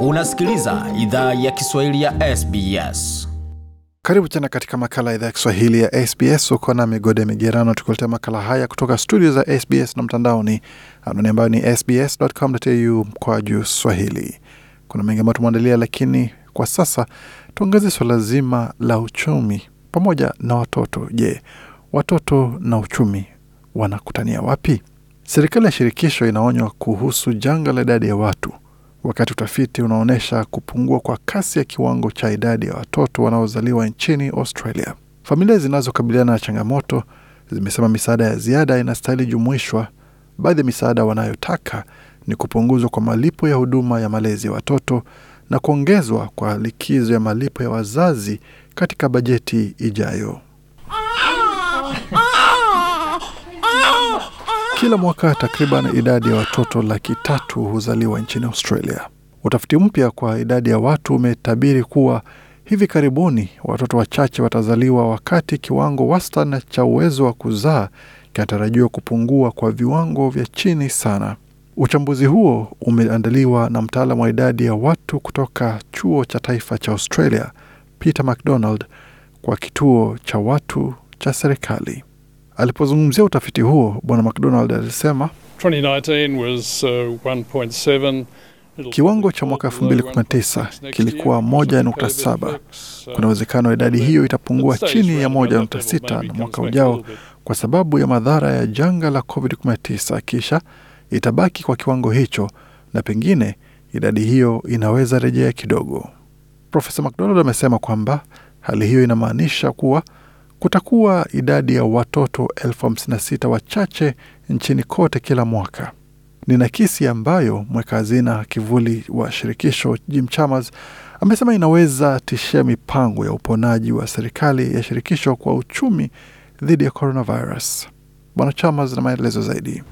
Unasikiliza idhaa ya Kiswahili ya SBS. Karibu tena katika makala ya idhaa ya Kiswahili ya SBS. Uko na migode migerano, tukuletea makala haya kutoka studio za SBS na mtandaoni, anwani ambayo ni sbs.com.au kwa juu swahili. Kuna mengi ambayo tumeandalia, lakini kwa sasa tuangazie suala zima la uchumi pamoja na watoto. Je, watoto na uchumi wanakutania wapi? Serikali ya shirikisho inaonywa kuhusu janga la idadi ya watu wakati utafiti unaonyesha kupungua kwa kasi ya kiwango cha idadi ya watoto wanaozaliwa nchini Australia. Familia zinazokabiliana na changamoto zimesema misaada ya ziada inastahili jumuishwa. Baadhi ya misaada wanayotaka ni kupunguzwa kwa malipo ya huduma ya malezi ya watoto na kuongezwa kwa likizo ya malipo ya wazazi katika bajeti ijayo. Kila mwaka takriban idadi ya watoto laki tatu huzaliwa nchini Australia. Utafiti mpya kwa idadi ya watu umetabiri kuwa hivi karibuni watoto wachache watazaliwa, wakati kiwango wastani cha uwezo wa kuzaa kinatarajiwa kupungua kwa viwango vya chini sana. Uchambuzi huo umeandaliwa na mtaalamu wa idadi ya watu kutoka chuo cha taifa cha Australia, Peter McDonald, kwa kituo cha watu cha serikali. Alipozungumzia utafiti huo, Bwana McDonald alisema uh, kiwango cha mwaka 219 kilikuwa 1.7. Uh, Kuna uwezekano idadi hiyo itapungua chini ya 1.6 na mwaka ujao kwa sababu ya madhara ya janga la COVID-19, kisha itabaki kwa kiwango hicho na pengine idadi hiyo inaweza rejea kidogo. Profesa McDonald amesema kwamba hali hiyo inamaanisha kuwa Kutakuwa idadi ya watoto elfu hamsini na sita wachache nchini kote kila mwaka. Ni nakisi ambayo mweka hazina kivuli wa shirikisho Jim Chalmers amesema inaweza tishia mipango ya uponaji wa serikali ya shirikisho kwa uchumi dhidi ya coronavirus. Bwana zina maelezo zaidi.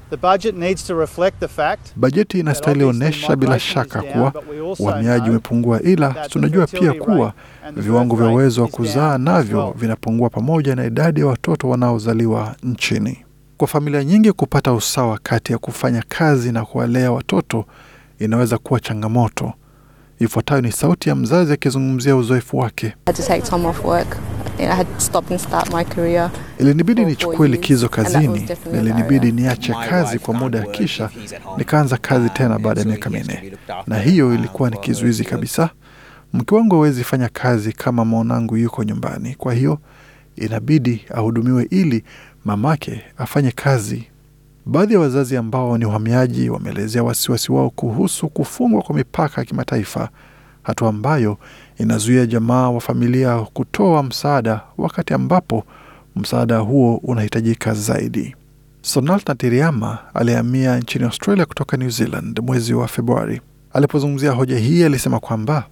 Bajeti inastahili onyesha bila shaka kuwa uhamiaji umepungua, ila tunajua pia kuwa viwango vya uwezo wa kuzaa navyo vinapungua pamoja na idadi ya watoto wanaozaliwa nchini. Kwa familia nyingi kupata usawa kati ya kufanya kazi na kuwalea watoto inaweza kuwa changamoto. Ifuatayo ni sauti ya mzazi akizungumzia uzoefu wake. Ilinibidi nichukue likizo kazini na ilinibidi uh, niache kazi kwa muda, kisha nikaanza kazi tena ah, baada ya miaka minne, na hiyo ilikuwa ah, ni kizuizi kabisa. Mke wangu awezi fanya kazi kama mwanangu yuko nyumbani, kwa hiyo inabidi ahudumiwe ili mamake afanye kazi. Baadhi ya wazazi ambao ni uhamiaji wameelezea wasiwasi wao kuhusu kufungwa kwa mipaka ya kimataifa hatua ambayo inazuia jamaa wa familia kutoa msaada wakati ambapo msaada huo unahitajika zaidi. Sonal Natiriama alihamia nchini Australia kutoka New Zealand mwezi wa Februari. Alipozungumzia hoja hii, alisema kwamba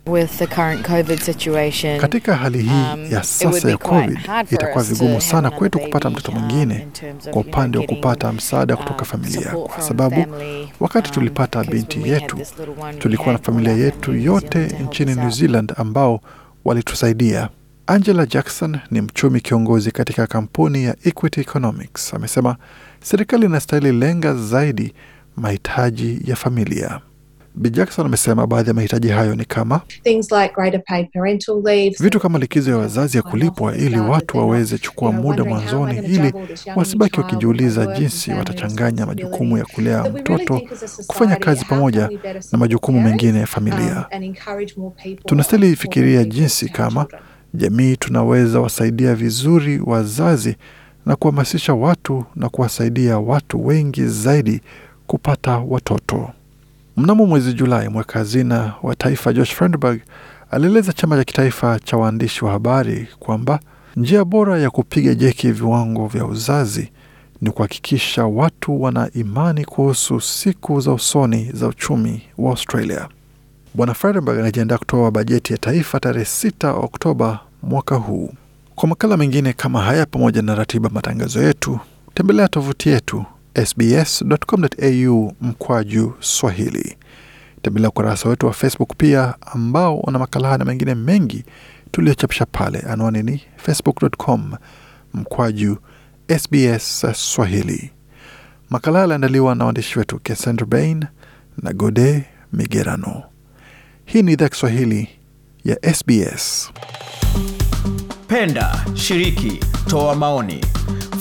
katika hali hii um, ya sasa ya COVID itakuwa vigumu sana kwetu kupata mtoto um, mwingine kwa upande wa kupata msaada um, kutoka familia, kwa sababu wakati tulipata binti yetu tulikuwa na familia yetu yote nchini New Zealand ambao walitusaidia. Angela Jackson ni mchumi kiongozi katika kampuni ya Equity Economics. Amesema serikali inastahili lenga zaidi mahitaji ya familia. Bi Jackson amesema baadhi ya mahitaji hayo ni kama like vitu kama likizo ya wazazi ya kulipwa ili watu waweze chukua muda mwanzoni, ili wasibaki wakijiuliza jinsi watachanganya majukumu ya kulea mtoto, kufanya kazi pamoja na majukumu mengine ya um, familia. Tunastahili fikiria jinsi kama jamii tunaweza wasaidia vizuri wazazi na kuhamasisha watu na kuwasaidia watu wengi zaidi kupata watoto. Mnamo mwezi Julai, mweka hazina wa taifa Josh Frydenberg alieleza chama cha kitaifa cha waandishi wa habari kwamba njia bora ya kupiga jeki viwango vya uzazi ni kuhakikisha watu wana imani kuhusu siku za usoni za uchumi wa Australia. Bwana Frydenberg anajiandaa kutoa bajeti ya taifa tarehe 6 Oktoba mwaka huu. Kwa makala mengine kama haya pamoja na ratiba matangazo yetu, tembelea tovuti yetu sbs.com.au mkwaju Swahili. Tembelea ukurasa wetu wa Facebook pia ambao una makala na mengine mengi tuliochapisha pale. Anwani ni facebook.com mkwaju SBS Swahili. Makala yaliandaliwa na waandishi wetu Cassandra Bain na Gode Migerano. Hii ni idhaa Kiswahili ya SBS. Penda, shiriki, toa maoni